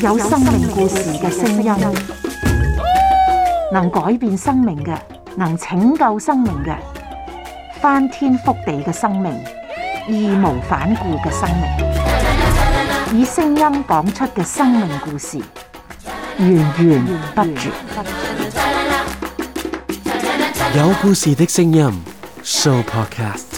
有生命故事嘅聲音，能改變生命嘅，能拯救生命嘅，翻天覆地嘅生命，義無反顧嘅生命，以聲音講出嘅生命故事，源源不絕。有故事嘅聲音，Show Podcast。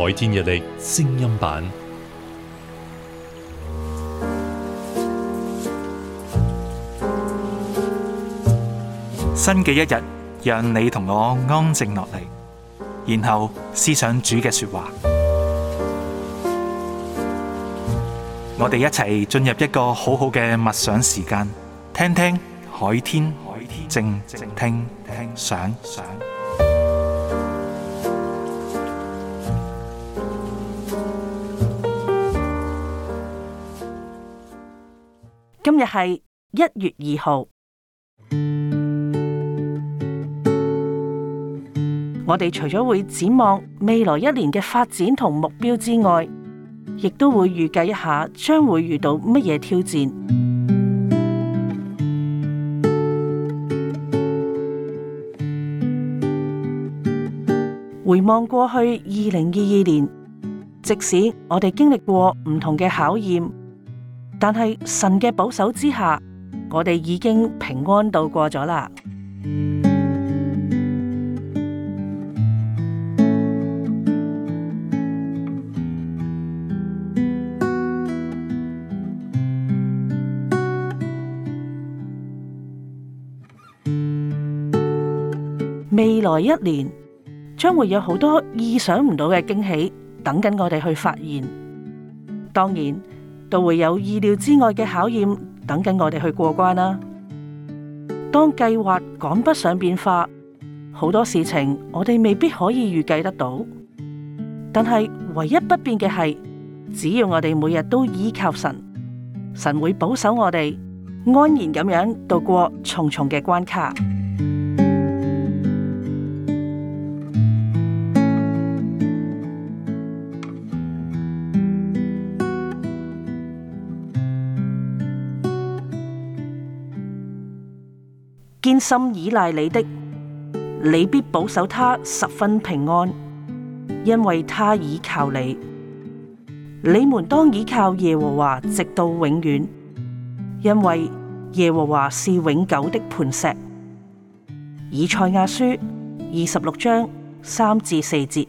海天日曆聲音版，新嘅一日，讓你同我安靜落嚟，然後思想主嘅說話。我哋一齊進入一個好好嘅默想時間，聽聽海天，靜靜聽聽想想。今日係一月二號，我哋除咗會展望未來一年嘅發展同目標之外，亦都會預計一下將會遇到乜嘢挑戰。回望過去二零二二年，即使我哋經歷過唔同嘅考驗。但係神嘅保守之下，我哋已經平安度過咗啦。未來一年將會有好多意想唔到嘅驚喜等緊我哋去發現，當然。都會有意料之外嘅考驗等緊我哋去過關啦。當計劃趕不上變化，好多事情我哋未必可以預計得到。但係唯一不變嘅係，只要我哋每日都依靠神，神會保守我哋安然咁樣度過重重嘅關卡。堅心依賴你的，你必保守他十分平安，因為他倚靠你。你們當倚靠耶和華，直到永遠，因為耶和華是永久的磐石。以賽亞書二十六章三至四節。